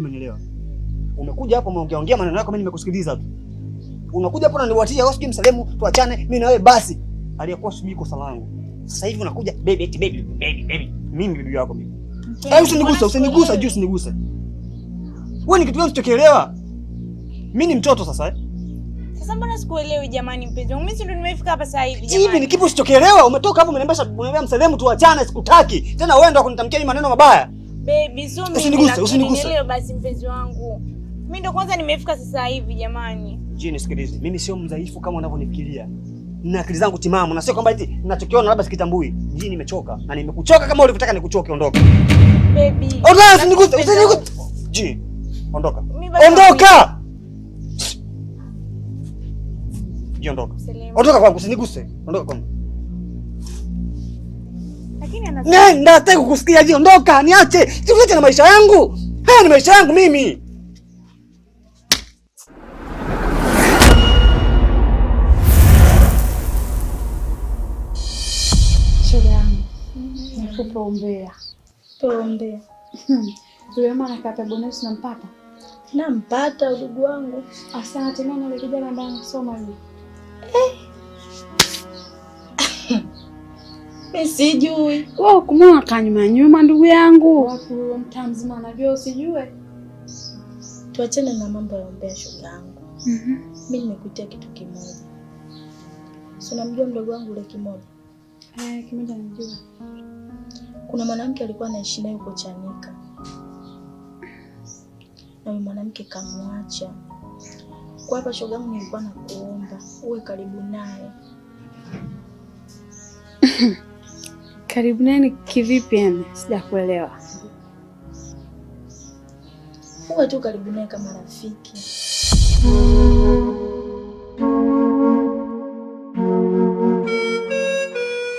Umenielewa? Umekuja hapo umeongea ongea maneno yako, mimi nimekusikiliza tu. Unakuja hapo unaniwatia hofu, kimsalimu tuachane mimi na wewe basi. Aliyekuwa sijui kwa langu. Sasa hivi unakuja baby eti baby baby baby. Mimi bibi yako mimi. Eh, usinigusa, usinigusa juu usinigusa. Wewe ni kitu gani usichokielewa? Mimi ni mtoto sasa eh. Sasa mbona sikuelewi jamani mpenzi wangu? Mimi si ndo nimefika hapa sasa hivi jamani. Hivi ni kipi usichokielewa? Umetoka hapo umeniambia msalimu tuachane, sikutaki. Tena wewe ndo kunitamkia maneno mabaya. Baby zumi. Usiniguse, usiniguse. Leo basi mpenzi wangu. Mimi ndo kwanza nimefika sasa hivi jamani. Jini, nisikilize. Mimi sio mdhaifu kama unavyonifikiria. Na akili zangu timamu na sio kwamba eti ninachokiona labda sikitambui. Jini, nimechoka na nimekuchoka kama ulivyotaka nikuchoke, ondoka. Baby. Ondoka, usiniguse, usiniguse. Jini, ondoka. Ondoka. Jini, ondoka. Ondoka kwangu, usiniguse. Ondoka kwangu. Nenda, sitaki kukusikia. Je, ondoka, niache, sikuache na maisha yangu. Haya ni maisha yangu mimi. Pombea, pombea. mwana kaka Bonus nampata, nampata wangu. Asante. Kijana anasoma Eh. sijui. Wewe kumwona kanyuma nyuma ndugu yangu. Wapo mtaa mzima anajua usijue. Tuachane na mambo ya umbea shoga yangu. Mhm. Mm, mimi nimekuitia kitu kimoja. Si unamjua mdogo wangu yule kimoja? Eh, kimoja namjua. Kuna mwanamke alikuwa anaishi naye huko Chanika. Na mwanamke kamwacha. Kwa hapa shoga yangu, nilikuwa nakuomba uwe karibu naye. Karibu nani kivipi? Yani sijakuelewa. Uwe tu karibu naye kama rafiki.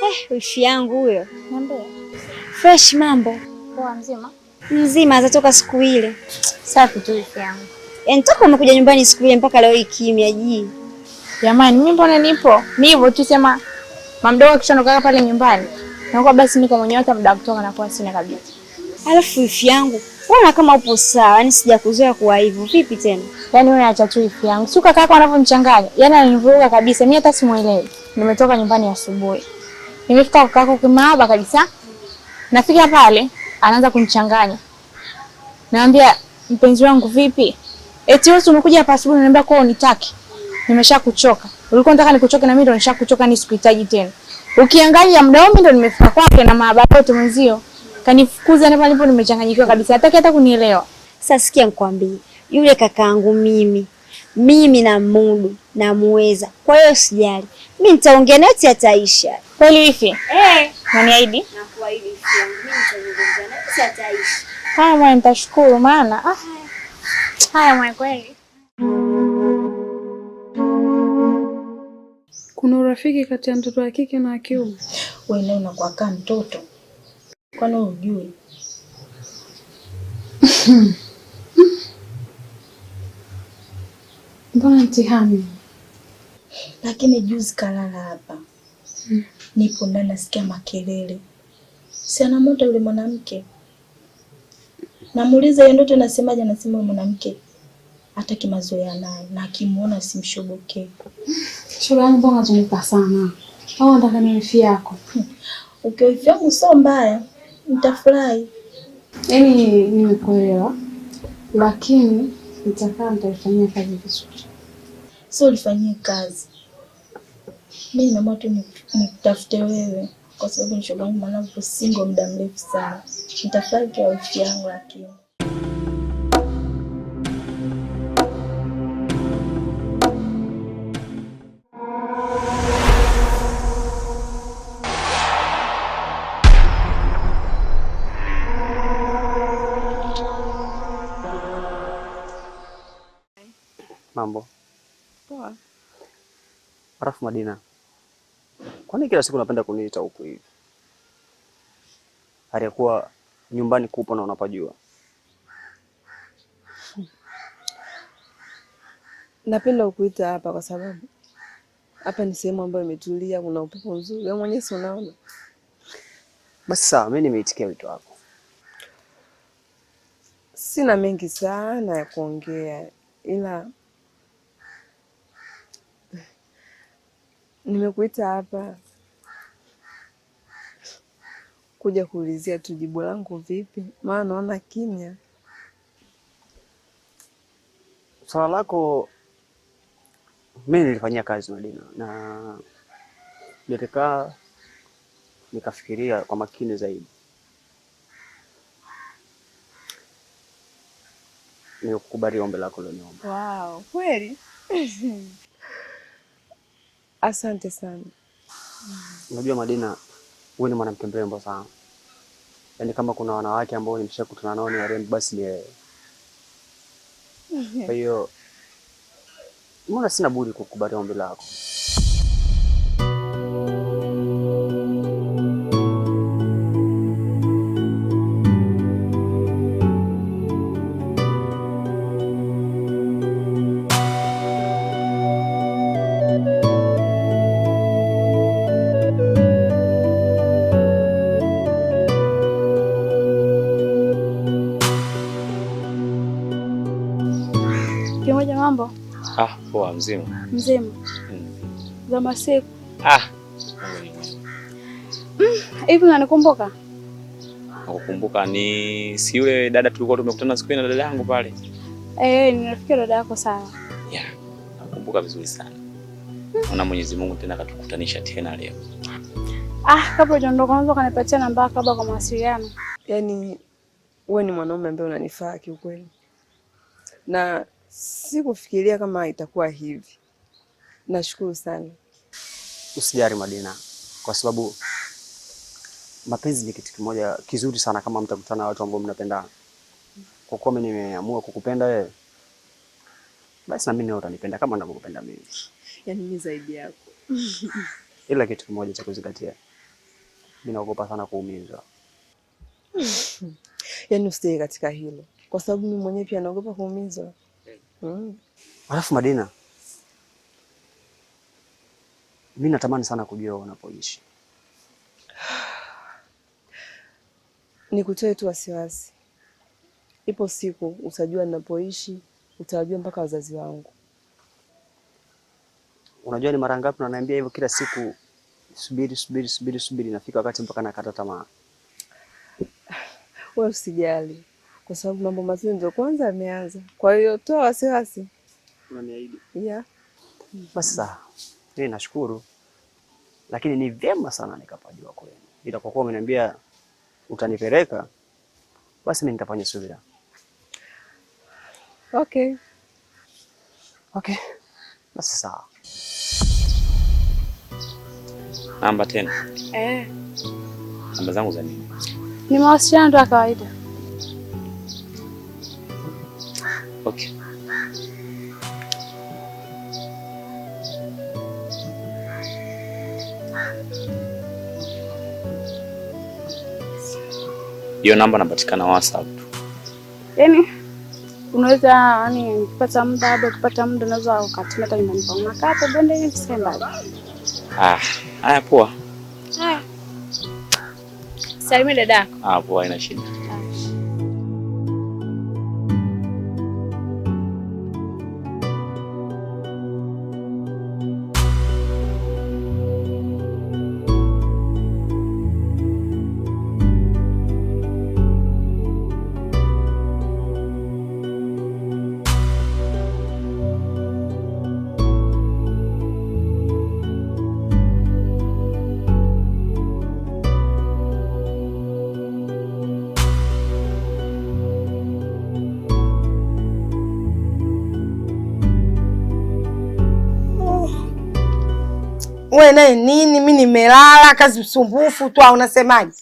Eh, wifi yangu huyo. Niambie. Fresh mambo. Poa mzima? Mzima, zatoka siku ile. Safi tu wifi yangu. Yaani toka umekuja nyumbani siku ile mpaka leo hii kimya ji. Jamani, mimi mbona nipo? Nipo tu sema mamdogo akishaondoka pale nyumbani nakuwa basi niko mwenyewe, hata muda kutoka na nakuwa sina kabisa. Alafu ifi yangu ona kama upo sawa, yani sijakuzoea kuwa hivyo. Vipi tena? Yaani wewe acha tu ifi yangu, Sio kaka yako anavyomchanganya, Yaani ananivuruga kabisa, mimi hata simuelewi. Nimetoka nyumbani asubuhi, nimefika kwa kaka yako kimahaba kabisa, nafika pale anaanza kunichanganya. naambia mpenzi wangu vipi, eti wewe umekuja hapa asubuhi, unaniambia kwa unitaki, nimeshakuchoka. Ulikuwa unataka nikuchoke na mimi ndo nishakuchoka, nisikuhitaji yaani tena. Ukiangalia mdaomi ndo nimefika kwake na maabara yote mwenzio. Kanifukuza hapa nilipo nimechanganyikiwa kabisa. Hataki hata kunielewa. Sasa sikia nikwambie. Yule kakaangu mimi mimi na mudu na muweza, kwa hiyo sijali, Mimi nitaongea naye ataisha. Kweli wifi? Eh, unaniahidi? Nakuahidi wifi yangu, mimi nitazungumza naye ataisha. Haya mwana, nitashukuru maana. Ah, eh. haya mwana, kweli. kuna urafiki kati ya mtoto wa kike na wa kiume. Wewe ndio unakuwa kama mtoto, kwani unajui? Mbona mtihani? Lakini juzi kalala hapa, hmm. Nipo ndani nasikia makelele, siana moto yule mwanamke. Namuuliza yeye ndoto nasemaje? Anasema yule mwanamke hataki mazoea naye na akimwona simshobokee. Shoga yangu mbona unazunguka sana? Au unataka nini ifi yako? Ukiwa ifi yangu sio mbaya, nitafurahi. Yaani nimekuelewa. Lakini nitakaa nitaifanyia kazi vizuri. Sio ulifanyie kazi. Mimi naomba tu nikutafute wewe kwa sababu ni shoga yangu mwanangu single muda mrefu sana. Nitafurahi kwa ifi yangu lakini Mambo poa. Madina, kwani kila siku unapenda kuniita huku hivi, hali ya kuwa nyumbani kupo na unapajua? Napenda ukuita hapa kwa sababu hapa ni sehemu ambayo imetulia, kuna upepo mzuri. Wewe mwenyewe si unaona? Basi sawa, mimi nimeitikia wito wako. Sina mengi sana ya kuongea, ila Nimekuita hapa kuja kuulizia tu jibu langu vipi, maana naona kimya. Swala lako mi nilifanyia kazi Madina, na nilikaa nikafikiria kwa makini zaidi, nikukubali ombi lako loniomba. Wow, kweli Asante sana. Unajua Madina, wewe ni mwanamke mrembo sana, yaani kama kuna wanawake ambao nimeshakutana nao ni warembo, basi ni wewe. Kwa hiyo mbona sina budi kukubali ombi lako. mzima mzima hmm. za masiku Ah. Hmm, hivi. Unanikumbuka? Nakukumbuka. Ni si yule dada tulikuwa tumekutana siku ile na dada yangu pale? Eh, ni rafiki dada yako. Sawa, yeah, Nakukumbuka vizuri sana mm. Na Mwenyezi Mungu tena katukutanisha tena leo. Ah, kabla hujaondoka kwanza kanipatia namba kabla kwa mawasiliano. Yaani wewe ni mwanaume ambaye unanifaa kiukweli, na Sikufikiria kama itakuwa hivi. Nashukuru sana. Usijari Madina, kwa sababu mapenzi ni kitu kimoja kizuri sana kama mtakutana na watu ambao mnapendana. Kwa kuwa mimi nimeamua kukupenda wewe, basi na mimi nawe utanipenda kama ninavyokupenda mimi. Yaani mimi zaidi yako. Ila kitu kimoja cha kuzingatia, mimi naogopa sana kuumizwa. Yaani usijali katika hilo, kwa sababu mimi mwenyewe pia naogopa kuumizwa. Mm. Alafu Madina, mimi natamani sana kujua unapoishi. Nikutoe tu wasiwasi, ipo siku utajua ninapoishi, utawajua mpaka wazazi wangu. Unajua ni mara ngapi unaniambia hivyo kila siku, subiri subiri subiri subiri, nafika wakati mpaka nakata tamaa. Wewe usijali kwa sababu mambo mazuri ndio kwanza yameanza. Kwa hiyo toa wasiwasi, unaniahidi? Yeah. Basi sawa, mimi nashukuru, lakini ni vyema sana nikapajua kwenu, ila kwa kuwa umeniambia utanipeleka, basi mimi nitafanya subira. Okay. Okay. Basi sawa. Namba tena. Eh. Namba zangu za nini? Ni mawasiliano ya kawaida. Okay. Hiyo namba napatikana WhatsApp. Yaani unaweza yani kupata muda hapa kupata muda unaweza ukatumia hata nyumbani kwa mwaka hapo bonde hivi sema. Ah, haya poa. Haya. Salimia dadako. Ah, poa ina shida. we naye nini? mi nimelala, kazi msumbufu tu. Unasemaje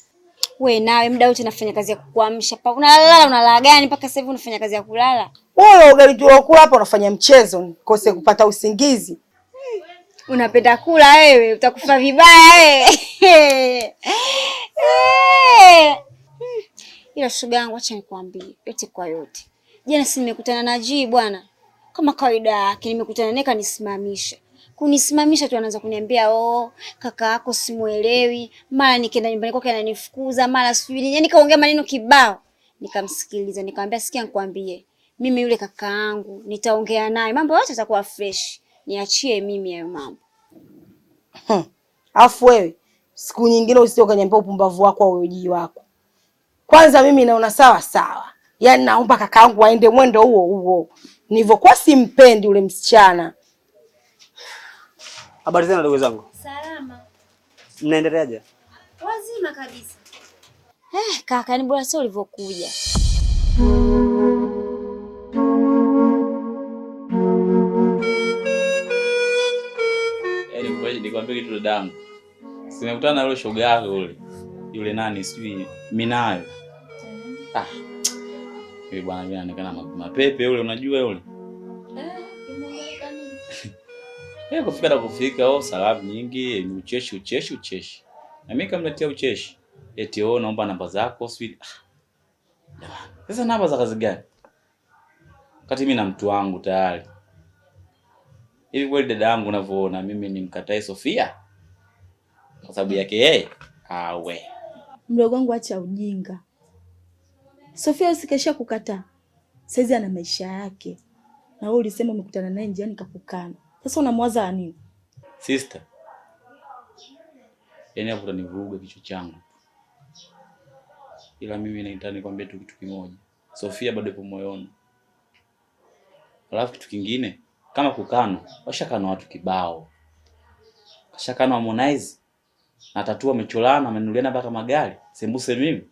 we Nawe muda wote nafanya kazi ya kukuamsha pa unalala, unalala gani mpaka sasa hivi unafanya kazi ya kulala? Wewe ugali tu ukula hapa, unafanya mchezo kose kupata usingizi. Unapenda kula wewe, utakufa vibaya wewe. Ila shuga yangu, acha nikwambie yote kwa yote, jana si nimekutana na Jii bwana, kama kawaida yake nimekutana naye kanisimamisha kunisimamisha tu, anaanza kuniambia oh, kaka yako simuelewi, mara nikienda nyumbani kwake ananifukuza, mara sijui nini, yani kaongea maneno kibao. Nikamsikiliza, nikamwambia sikia, nikwambie mimi yule kaka yangu nitaongea naye, mambo yote yatakuwa fresh, niachie mimi hayo mambo. Hmm. Afu wewe siku nyingine usije ukaniambia upumbavu wako au ujii wako. Kwanza mimi naona sawa sawa, yani naomba kaka yangu aende mwendo huo huo. Nilivyokuwa simpendi ule msichana Habari zenu ndugu zangu. Salama. Mnaendeleaje? Wazima kabisa. Eh, kaka ni bora sio ulivyokuja. Yaani nikwambie kitu dadangu. Simekutana na yule shoga yako yule. Yule nani sijui Minayo. Ah. mapepe yule unajua yule. Eh, kufika na kufika, oh salamu nyingi, ucheshi ucheshi ucheshi. Na mimi kamletea ucheshi. Eti oh, naomba namba zako sweet. Ah, Sasa namba za kazi gani? Kati mimi na mtu wangu tayari. Hivi kweli dada yangu unavyoona mimi nimkatae Sofia? Kwa sababu yake yeye? Awe. Mdogo wangu acha ujinga. Sofia usikesha kukataa. Saizi ana maisha yake. Na wewe ulisema umekutana naye njiani kakukana. Sasa unamwaza nini? Sister. Yaani hapo utanivuruga kichwa changu. Ila mimi nahitaji nikwambie tu kitu kimoja. Sofia bado ipo moyoni. Alafu kitu kingine kama kukana, washakana watu kibao. Washakana Harmonize na Tatu wamecholana, wamenuliana mpaka magari, sembuse mimi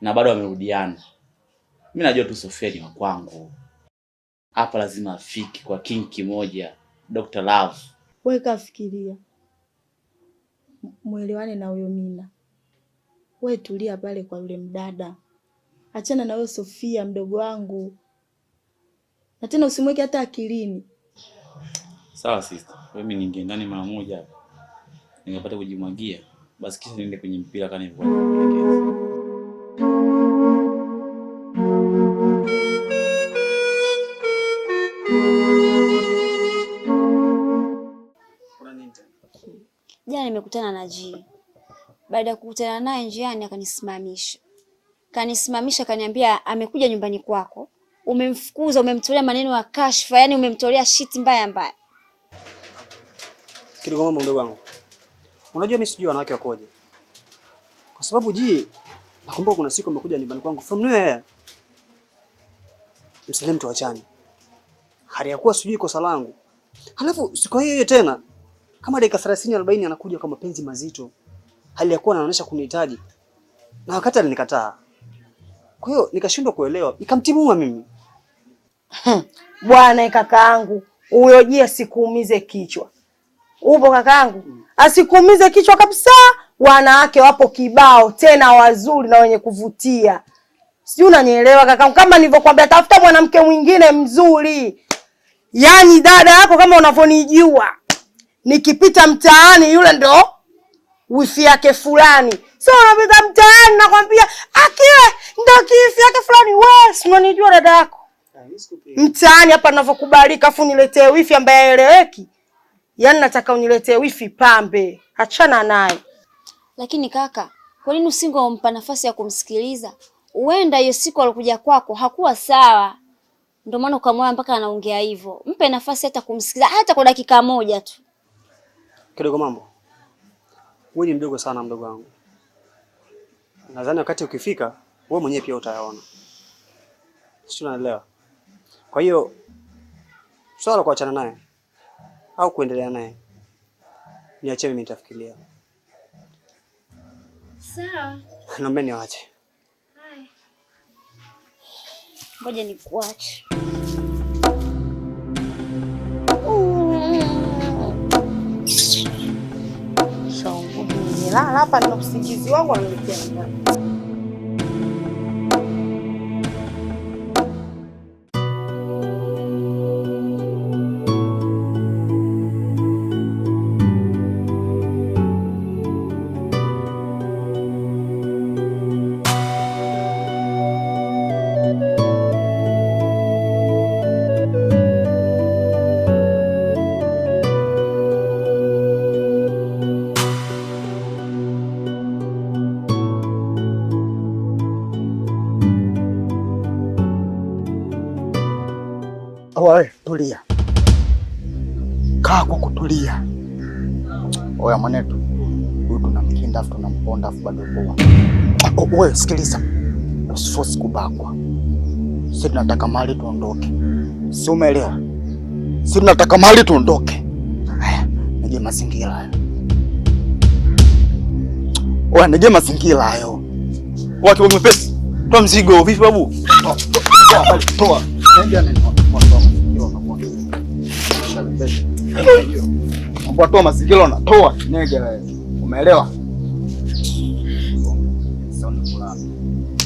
na bado wamerudiana. Mimi najua tu Sofia ni wa kwangu. Hapa lazima afiki kwa king kimoja. Dr. Love. Wewe kafikiria, mwelewane na huyo Mina. Wewe tulia pale kwa yule mdada, achana na wewe Sofia mdogo wangu, na tena usimweke hata akilini. Sawa sister, mimi ningeenda ndani mara moja ningepata kujimwagia, basi kisha niende kwenye mpira kama hivyo. Naji. Baada ya kukutana naye njiani akanisimamisha, kanisimamisha, kaniambia amekuja nyumbani kwako, umemfukuza, umemtolea maneno ya kashfa, yani umemtolea shit mbaya mbaya. Kidogo mdogo wangu, unajua mimi sijui wanawake wakoje, kwa sababu ji nakumbuka kuna siku amekuja nyumbani kwangu from nowhere, msalimu tuachane, hali ya kuwa sijui kosa langu, halafu siku hiyo tena kama dakika 30 40 anakuja kwa mapenzi mazito, hali ya kuwa anaonyesha kunihitaji, na wakati alinikataa. Kwa hiyo nikashindwa kuelewa, nikamtimua mimi. Hmm. Bwana kakaangu, huyo je, asikuumize kichwa. Upo kakaangu, hmm. asikuumize kichwa kabisa. Wanawake wapo kibao, tena wazuri na wenye kuvutia. Sijui unanielewa kakaangu, kama nilivyokuambia, tafuta mwanamke mwingine mzuri, yaani dada yako kama unavyonijua nikipita mtaani yule ndo wifi yake fulani. So unapita mtaani nakwambia, akiwe ndo kifi yake fulani. We sinanijua dada yako ah, mtaani hapa ninavyokubalika, afu niletee wifi ambaye haeleweki. Yaani nataka uniletee wifi pambe, achana naye. Lakini kaka, kwa nini usingompa nafasi ya kumsikiliza? Huenda hiyo siku alikuja kwako hakuwa sawa, ndio maana ukamwona mpaka anaongea hivyo. Mpe nafasi hata kumsikiliza, hata kwa dakika moja tu. Kidogo mambo, wewe ni mdogo sana mdogo wangu, nadhani wakati ukifika wewe mwenyewe pia utayaona, sio? Unaelewa? Kwa hiyo swala la kuachana naye au kuendelea naye niache mimi, nitafikiria. Sawa, naomba niwaache. Hai. ngoja nikuache. nimelala hapa na usingizi wangu ananipenda. ndafu tunamponda afu bado poa. Wewe sikiliza, usifosi kubakwa. Sisi tunataka mali tuondoke, si umeelewa? Sisi tunataka mali tuondoke. Haya, nije mazingira hayo. Wewe nije mazingira hayo. Watu wamepesi, toa mzigo. Vipi babu? Toa. Toa mazingira, unatoa. Umeelewa? え